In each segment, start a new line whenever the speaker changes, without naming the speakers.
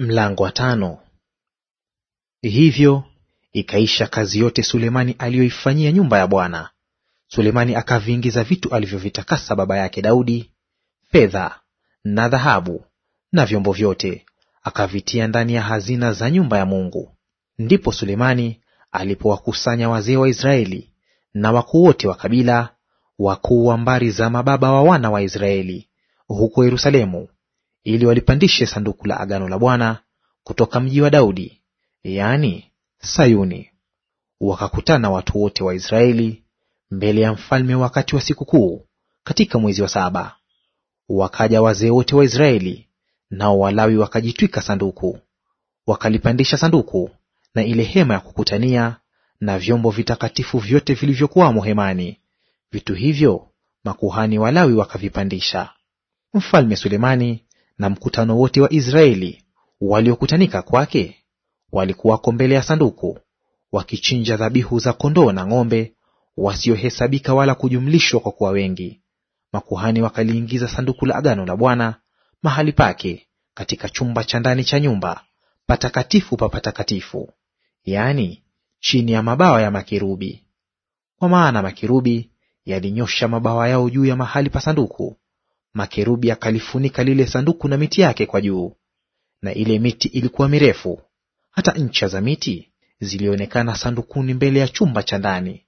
Mlango wa tano. Hivyo ikaisha kazi yote Sulemani aliyoifanyia nyumba ya Bwana. Sulemani akaviingiza vitu alivyovitakasa baba yake Daudi, fedha na dhahabu na vyombo vyote, akavitia ndani ya hazina za nyumba ya Mungu. Ndipo Sulemani alipowakusanya wazee wa Israeli na wakuu wote wa kabila, wakuu wa mbari za mababa wa wana wa Israeli huko Yerusalemu ili walipandishe sanduku la agano la Bwana kutoka mji wa Daudi, yaani Sayuni. Wakakutana watu wote wa Israeli mbele ya mfalme wakati wa sikukuu katika mwezi wa saba. Wakaja wazee wote wa Israeli, nao Walawi wakajitwika sanduku. Wakalipandisha sanduku na ile hema ya kukutania na vyombo vitakatifu vyote vilivyokuwamo hemani; vitu hivyo makuhani Walawi wakavipandisha. Mfalme Sulemani na mkutano wote wa Israeli waliokutanika kwake walikuwako mbele ya sanduku wakichinja dhabihu za kondoo na ng'ombe wasiohesabika wala kujumlishwa kwa kuwa wengi. Makuhani wakaliingiza sanduku la agano la Bwana mahali pake katika chumba cha ndani cha nyumba patakatifu pa patakatifu, yaani chini ya mabawa ya makerubi, kwa maana makerubi yalinyosha mabawa yao juu ya mahali pa sanduku makerubi akalifunika lile sanduku na miti yake kwa juu. Na ile miti ilikuwa mirefu, hata ncha za miti zilionekana sandukuni mbele ya chumba cha ndani,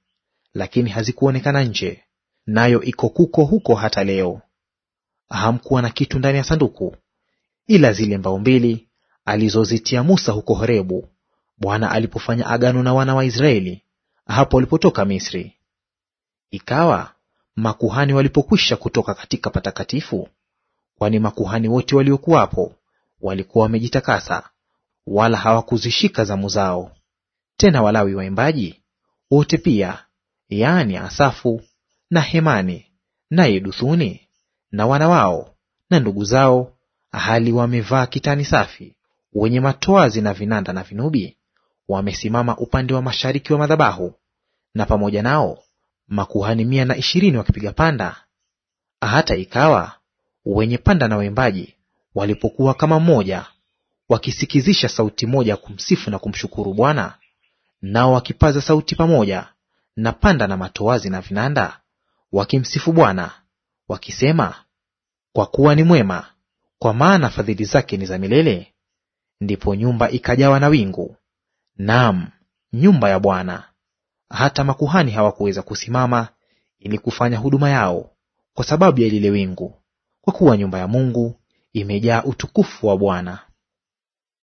lakini hazikuonekana nje, nayo iko kuko huko hata leo. Hamkuwa na kitu ndani ya sanduku ila zile mbao mbili alizozitia Musa huko Horebu, Bwana alipofanya agano na wana wa Israeli hapo walipotoka Misri. Ikawa makuhani walipokwisha kutoka katika patakatifu, kwani makuhani wote waliokuwapo walikuwa wamejitakasa, wala hawakuzishika zamu zao. Tena Walawi waimbaji wote pia, yaani Asafu na Hemani na Yeduthuni na wana wao na ndugu zao, hali wamevaa kitani safi, wenye matoazi na vinanda na vinubi, wamesimama upande wa mashariki wa madhabahu, na pamoja nao makuhani mia na ishirini wakipiga panda, hata ikawa wenye panda na waimbaji walipokuwa kama mmoja, wakisikizisha sauti moja kumsifu na kumshukuru Bwana, nao wakipaza sauti pamoja na panda na matoazi na vinanda, wakimsifu Bwana wakisema, kwa kuwa ni mwema, kwa maana fadhili zake ni za milele. Ndipo nyumba ikajawa na wingu, naam, nyumba ya Bwana hata makuhani hawakuweza kusimama ili kufanya huduma yao kwa sababu ya lile wingu, kwa kuwa nyumba ya Mungu imejaa utukufu wa Bwana.